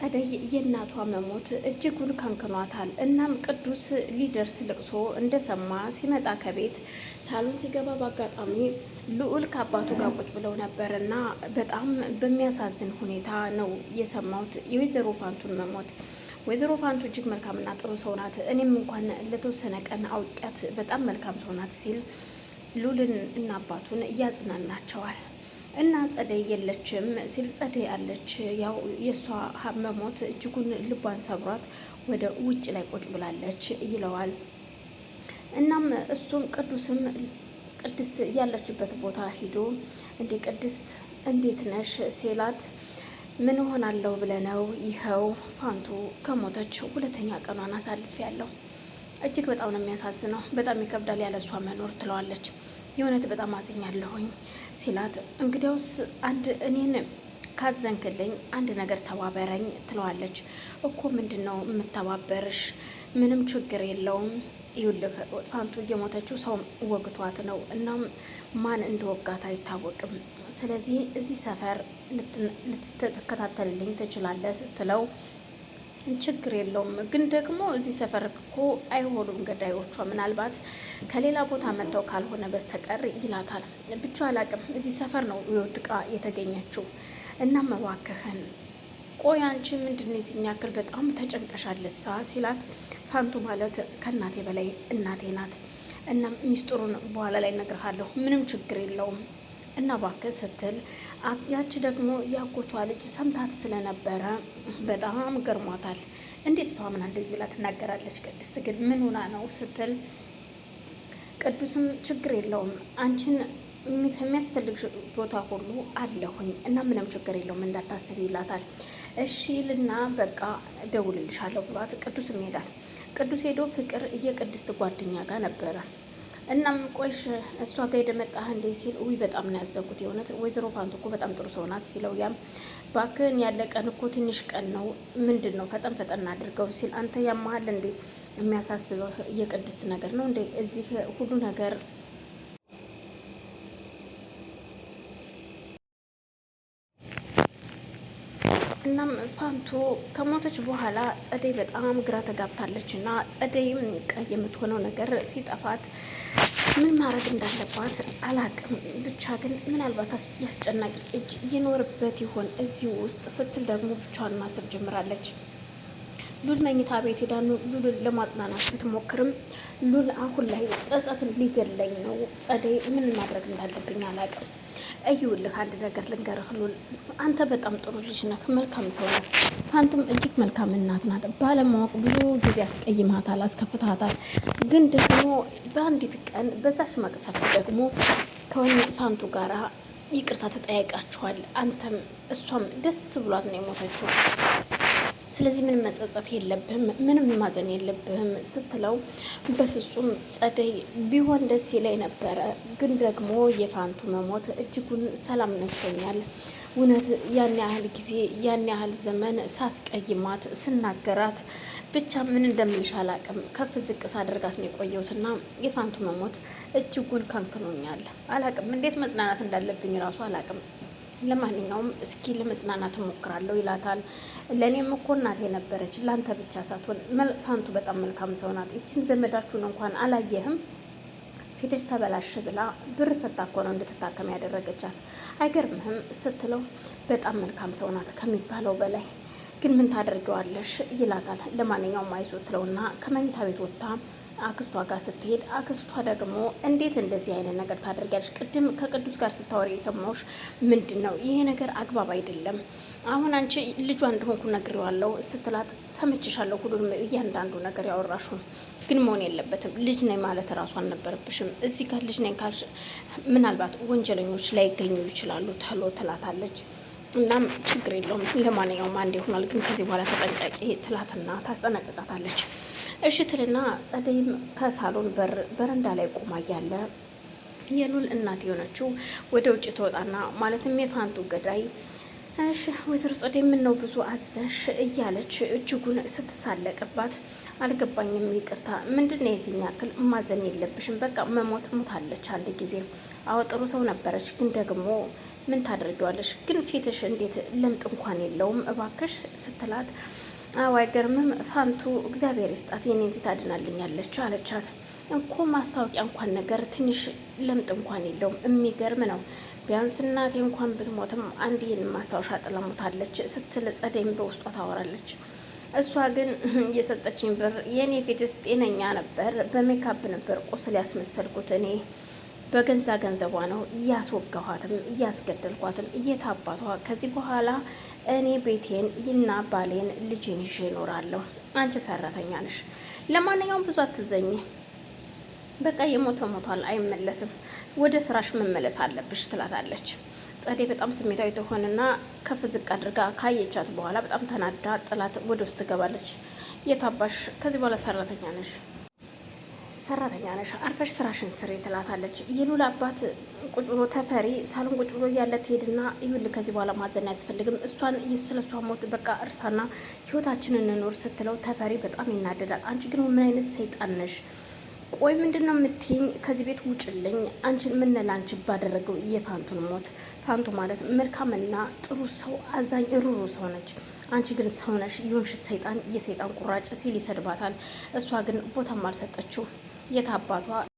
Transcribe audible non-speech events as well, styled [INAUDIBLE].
ጸደይ የእናቷ መሞት እጅጉን ከንክኗታል። እናም ቅዱስ ሊደርስ ልቅሶ እንደሰማ ሲመጣ ከቤት ሳሎን ሲገባ በአጋጣሚ ልዑል ከአባቱ ጋር ቁጭ ብለው ነበር እና በጣም በሚያሳዝን ሁኔታ ነው የሰማሁት የወይዘሮ ፋንቱን መሞት። ወይዘሮ ፋንቱ እጅግ መልካምና ጥሩ ሰው ናት፣ እኔም እንኳን ለተወሰነ ቀን አውቂያት በጣም መልካም ሰው ናት ሲል ልዑልን እና አባቱን እያጽናናቸዋል። እና ጸደይ የለችም ሲል ጸደይ አለች። ያው የእሷ መሞት እጅጉን ልቧን ሰብሯት ወደ ውጭ ላይ ቁጭ ብላለች ይለዋል። እናም እሱም ቅዱስም ቅድስት ያለችበት ቦታ ሂዶ እንዴ ቅድስት እንዴት ነሽ ሴላት ምን ሆናለሁ ብለህ ነው? ይኸው ፋንቱ ከሞተች ሁለተኛ ቀኗን አሳልፍ ያለው እጅግ በጣም ነው የሚያሳዝነው። በጣም ይከብዳል ያለ እሷ መኖር ትለዋለች። የእውነት በጣም አዝኛለሁኝ ሲላት እንግዲያውስ አንድ እኔን ካዘንክልኝ አንድ ነገር ተባበረኝ ትለዋለች። እኮ ምንድን ነው የምተባበርሽ? ምንም ችግር የለውም። ይኸውልህ ፋንቱ እየሞተችው ሰው ወግቷት ነው። እናም ማን እንደወጋት አይታወቅም። ስለዚህ እዚህ ሰፈር ልትከታተልልኝ ትችላለህ ስትለው ችግር የለውም። ግን ደግሞ እዚህ ሰፈር እኮ አይሆኑም ገዳዮቿ፣ ምናልባት ከሌላ ቦታ መጥተው ካልሆነ በስተቀር ይላታል። ብቻ አላቅም፣ እዚህ ሰፈር ነው ወድቃ የተገኘችው እና መባከህን ቆይ አንቺ ምንድን የዚህን ያክል በጣም ተጨንቀሻለሳ? ሲላት ፋንቱ ማለት ከእናቴ በላይ እናቴ ናት። እናም ሚስጥሩን በኋላ ላይ እነግርሃለሁ፣ ምንም ችግር የለውም እና ባክህ ስትል ያቺ ደግሞ ያጎቷ ልጅ ሰምታት ስለነበረ በጣም ገርሟታል። እንዴት ሰው ምን እንደዚህ ብላ ትናገራለች? ቅድስት ግን ምን ሆና ነው ስትል ቅዱስም ችግር የለውም አንቺን ከሚያስፈልግሽ ቦታ ሁሉ አለሁኝ እና ምንም ችግር የለውም እንዳታስብ ይላታል። እሺ ልና በቃ ደውልልሻለሁ ብሏት ቅዱስም ይሄዳል። ቅዱስ ሄዶ ፍቅር የቅድስት ጓደኛ ጋር ነበረ እናም ቆይሽ እሷ ጋር የደመጣህ እንዴ ሲል ውይ በጣም ነው ያዘንኩት የእውነት ወይዘሮ ፋንቱ እኮ በጣም ጥሩ ሰው ናት ሲለው ያም ባክን ያለ ቀን እኮ ትንሽ ቀን ነው ምንድን ነው ፈጠን ፈጠን አድርገው ሲል አንተ ያመሃል እንዴ የሚያሳስበህ የቅድስት ነገር ነው እንዴ እዚህ ሁሉ ነገር እናም ፋንቱ ከሞተች በኋላ ጸደይ በጣም ግራ ተጋብታለች እና ጸደይም ቀይ የምትሆነው ነገር ሲጠፋት ምን ማድረግ እንዳለባት አላቅም። ብቻ ግን ምናልባት ያስጨናቂ እጅ ይኖርበት ይሆን እዚህ ውስጥ ስትል ደግሞ ብቻዋን ማሰብ ጀምራለች። ሉል መኝታ ቤት ሄዳኑ ሉልን ለማጽናናት ብትሞክርም ሉል አሁን ላይ ጸጸትን ሊገለኝ ነው፣ ጸደይ ምን ማድረግ እንዳለብኝ አላቅም እይውልህ አንድ ነገር ልንገርህ፣ አንተ በጣም ጥሩ ልጅ ነህ፣ መልካም ሰው ነህ። ፋንቱም እጅግ መልካም እናት ናት። ባለማወቅ ብዙ ጊዜ አስቀይማታል፣ አስከፍታታል። ግን ደግሞ በአንዲት ቀን በዛች መቅሰፍት ደግሞ ከወኒ ፋንቱ ጋራ ይቅርታ ተጠያይቃችኋል። አንተም እሷም ደስ ብሏት ነው የሞተችው። ስለዚህ ምንም መጸጸት የለብህም፣ ምንም ማዘን የለብህም ስትለው በፍጹም ጸደይ ቢሆን ደስ ይለኝ ነበረ፣ ግን ደግሞ የፋንቱ መሞት እጅጉን ሰላም ነስቶኛል። እውነት ያን ያህል ጊዜ ያን ያህል ዘመን ሳስቀይማት ስናገራት ብቻ ምን እንደምልሽ አላቅም። ከፍ ዝቅ ሳደርጋት ነው የቆየሁትና የፋንቱ መሞት እጅጉን ከንክኖኛል። አላቅም እንዴት መጽናናት እንዳለብኝ ራሱ አላቅም። ለማንኛውም እስኪ ለመጽናናት እሞክራለሁ ይላታል። ለእኔም እኮ እናት የነበረች ለአንተ ብቻ ሳትሆን። ፋንቱ በጣም መልካም ሰው ናት። ይችን ዘመዳችሁን እንኳን አላየህም ፊትሽ ተበላሽ ብላ ብር ሰጥታ እኮ ነው እንድትታከም ያደረገቻት። አይገርምህም ስትለው በጣም መልካም ሰው ናት ከሚባለው በላይ ግን ምን ታደርገዋለሽ ይላታል። ለማንኛውም አይዞ ትለውና ከመኝታ ቤት ወጥታ አክስቷ ጋር ስትሄድ አክስቷ ደግሞ እንዴት እንደዚህ አይነት ነገር ታደርጊያለሽ? ቅድም ከቅዱስ ጋር ስታወሪ የሰማሁሽ ምንድን ነው? ይሄ ነገር አግባብ አይደለም። አሁን አንቺ ልጇ እንደሆንኩ ነግሬዋለሁ ስትላት፣ ሰምቼሻለሁ ሁሉንም እያንዳንዱ ነገር ያወራሹን ግን መሆን የለበትም። ልጅ ነኝ ማለት ራሱ አልነበረብሽም። እዚህ ጋር ልጅ ነኝ ካልሽ ምናልባት ወንጀለኞች ላይገኙ ይችላሉ ተሎ ትላታለች። እናም ችግር የለውም ለማንኛውም አንድ ይሆናል፣ ግን ከዚህ በኋላ ተጠንቃቂ ትላትና ታስጠነቅቃታለች። እሽትልና ጸደይም ከሳሎን በር በረንዳ ላይ ቆማ እያለ የሉል እናት የሆነችው ወደ ውጭ ትወጣና ማለትም የፋንቱ ገዳይ እሺ ወይዘሮ ጸደይ ምን ነው ብዙ አዘሽ እያለች እጅጉን ስትሳለቅባት አልገባኝም ይቅርታ ምንድን ነው የዚህን ያክል ማዘን የለብሽም በቃ መሞት ሞታለች አንድ ጊዜ አዎ ጥሩ ሰው ነበረች ግን ደግሞ ምን ታደርጊዋለሽ ግን ፊትሽ እንዴት ለምጥ እንኳን የለውም እባክሽ ስትላት አዎ አይገርምም። ፋንቱ እግዚአብሔር ይስጣት የኔን ፊት አድናልኛለች አለቻት። እኮ ማስታወቂያ እንኳን ነገር ትንሽ ለምጥ እንኳን የለውም። የሚገርም ነው። ቢያንስ እናቴ እንኳን ብትሞትም አንድ ይህን ማስታወሻ ጥላሙታለች ስትል ጸደይም በውስጧ ታወራለች። እሷ ግን [CLEARS THROAT] የሰጠችኝ ብር የእኔ ፊትስ ጤነኛ ነበር፣ በሜካፕ ነበር ቁስል ያስመሰልኩት እኔ በገንዛ ገንዘቧ ነው እያስወጋኋትም እያስገደልኳትም እየታባቷ ከዚህ በኋላ እኔ ቤቴን ይና ባሌን ልጄን ይዤ እኖራለሁ። አንቺ ሰራተኛ ነሽ። ለማንኛውም ብዙ አትዘኝ። በቃ የሞተ ሞቷል፣ አይመለስም። ወደ ስራሽ መመለስ አለብሽ ትላታለች። ጸዴ በጣም ስሜታዊ ትሆንና ከፍ ዝቅ አድርጋ ካየቻት በኋላ በጣም ተናዳ ጥላት ወደ ውስጥ ትገባለች። የታባሽ ከዚህ በኋላ ሰራተኛ ነሽ ሰራተኛ ነሽ አርፈሽ ስራሽን ስሪ ትላታለች። የሉላ አባት ቁጭ ብሎ ተፈሪ ሳሎን ቁጭ ብሎ እያለ ትሄድና ይኸውልህ ከዚህ በኋላ ማዘን አያስፈልግም እሷን ስለ እሷ ሞት በቃ እርሳና ህይወታችንን እንኖር ስትለው ተፈሪ በጣም ይናደዳል። አንቺ ግን ምን አይነት ሰይጣን ነሽ? ቆይ ምንድን ነው የምትይኝ? ከዚህ ቤት ውጭልኝ። አንቺ ምን አንቺ ባደረገው የፋንቱን ሞት። ፋንቱ ማለት መልካምና ጥሩ ሰው፣ አዛኝ ሩሩ ሰው ነች። አንቺ ግን ሰው ነሽ የሆንሽ ሰይጣን፣ የሰይጣን ቁራጭ ሲል ይሰድባታል። እሷ ግን ቦታም አልሰጠችው። 一塌糊涂。